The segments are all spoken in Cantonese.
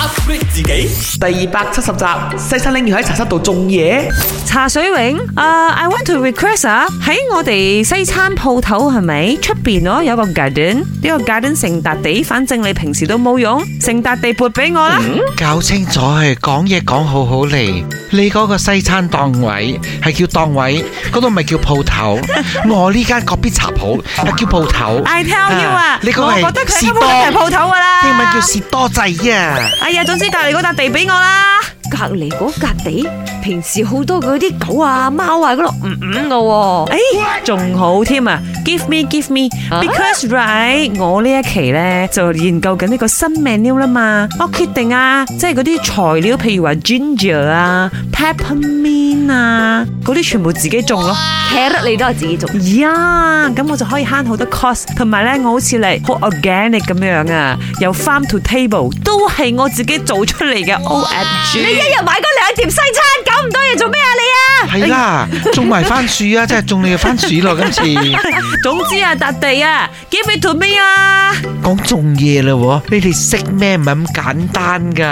upgrade 自己第二百七十集西餐領要喺茶室度種嘢茶水泳啊！I want to request 啊！喺我哋西餐鋪頭係咪出邊咯，有個 garden，呢個 garden 成笪地，反正你平時都冇用成，笪地撥俾我啦。搞清楚，係講嘢講好好嚟。你嗰個西餐檔位係叫檔位，嗰度咪叫鋪頭？我呢間隔籬茶鋪係叫鋪頭。I tell you 啊，我覺得佢根本係鋪頭噶啦。英文叫士多仔啊！總之，帶你嗰笪地俾我啦。隔籬嗰格地，平時好多嗰啲狗啊、貓啊嗰度唔唔嘅喎，誒仲好添啊！Give me, give me, because right，我呢一期咧就研究緊呢個新 menu 啦嘛，我決定啊，即係嗰啲材料，譬如話 ginger 啊、peppermint 啊，嗰啲全部自己種咯，Carrot 你都係自己種，呀，咁我就可以慳好多 cost，同埋咧我好似嚟好 organic 咁樣啊，由 farm to table 都係我自己做出嚟嘅 O F G。一日買嗰兩碟西餐，搞咁多嘢做咩啊？你啊，係啦，種埋番薯啊， 真係種你嘅番薯咯、啊。今次， 總之啊，笪地啊，give me to me 啊，講種嘢啦，你哋識咩唔係咁簡單噶？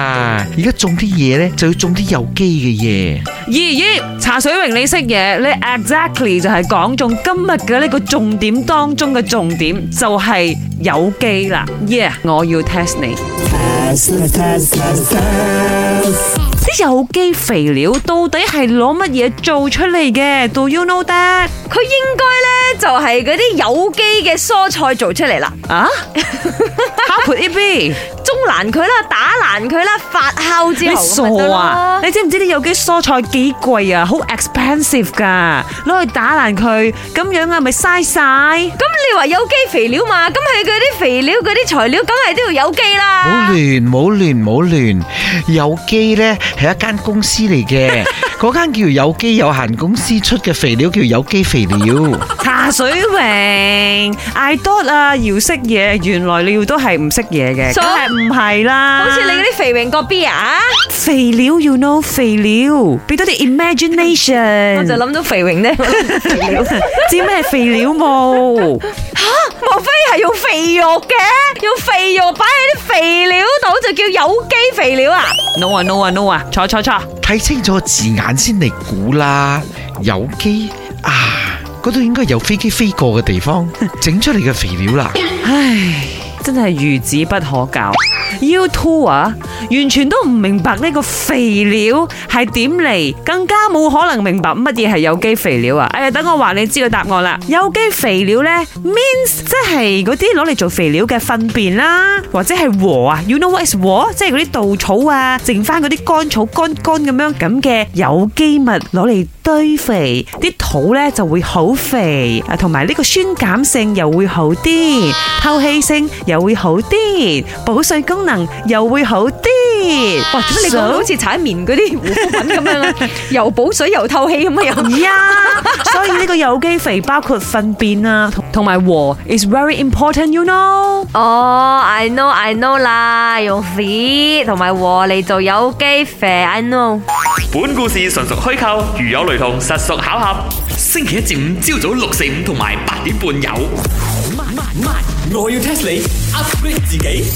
而家種啲嘢咧，就要種啲有機嘅嘢。咦咦，茶水榮你識嘢，你 exactly 就係講中今日嘅呢個重點當中嘅重點，就係有機啦。Yeah，我要 test 你。test test test test。啲有機肥料到底係攞乜嘢做出嚟嘅？Do you know that？佢應該咧就係嗰啲有機嘅蔬菜做出嚟啦。啊，Happy to be。攔佢啦，打爛佢啦，發酵之後咪得咯。你傻啊？你知唔知啲有機蔬菜幾貴啊？好 expensive 噶，攞去打爛佢，咁樣啊咪嘥晒。咁你話有機肥料嘛？咁佢嗰啲肥料嗰啲材料梗係都要有機啦。唔好亂，唔好亂，唔好亂。有機呢係一間公司嚟嘅，嗰間叫有機有限公司出嘅肥料叫有機肥料。茶水榮，I do 啊，姚識嘢，原來你都係唔識嘢嘅，真係唔。係啦，好似你啲肥榮個 b 啊？肥料，you know，肥料，俾多啲 imagination。 我就諗到肥榮呢，知咩肥料冇？吓， 莫、啊、非係用肥肉嘅？用肥肉擺喺啲肥料度就叫有機肥料啊？No 啊，no 啊，no, no. 啊，錯錯錯！睇清楚字眼先嚟估啦。有機啊，嗰度應該有飛機飛過嘅地方，整 出嚟嘅肥料啦。唉，真係孺子不可教。YouTube 啊，完全都唔明白呢個肥料係點嚟，更加冇可能明白乜嘢係有機肥料啊！哎呀，等我話你知個答案啦。有機肥料呢，means 即係嗰啲攞嚟做肥料嘅糞便啦，或者係禾啊，you know what is 禾，即係嗰啲稻草啊，剩返嗰啲乾草乾乾咁樣咁嘅有機物攞嚟。堆肥啲土咧就會好肥，啊同埋呢個酸鹼性又會好啲，透氣性又會好啲，保水功能又會好啲。哇！點解你講好似踩棉嗰啲護膚品咁樣，又補水又透氣咁啊？唔呀，所以呢個有機肥包括糞便啊，同同埋和，is very important，you know？哦，I know，I know 啦，用屎同埋和嚟做有機肥，I know。本故事純屬虛構，如有雷同，實屬巧合。星期一至五朝早六四五同埋八點半有。邁邁，我要 test 你，upgrade 自己。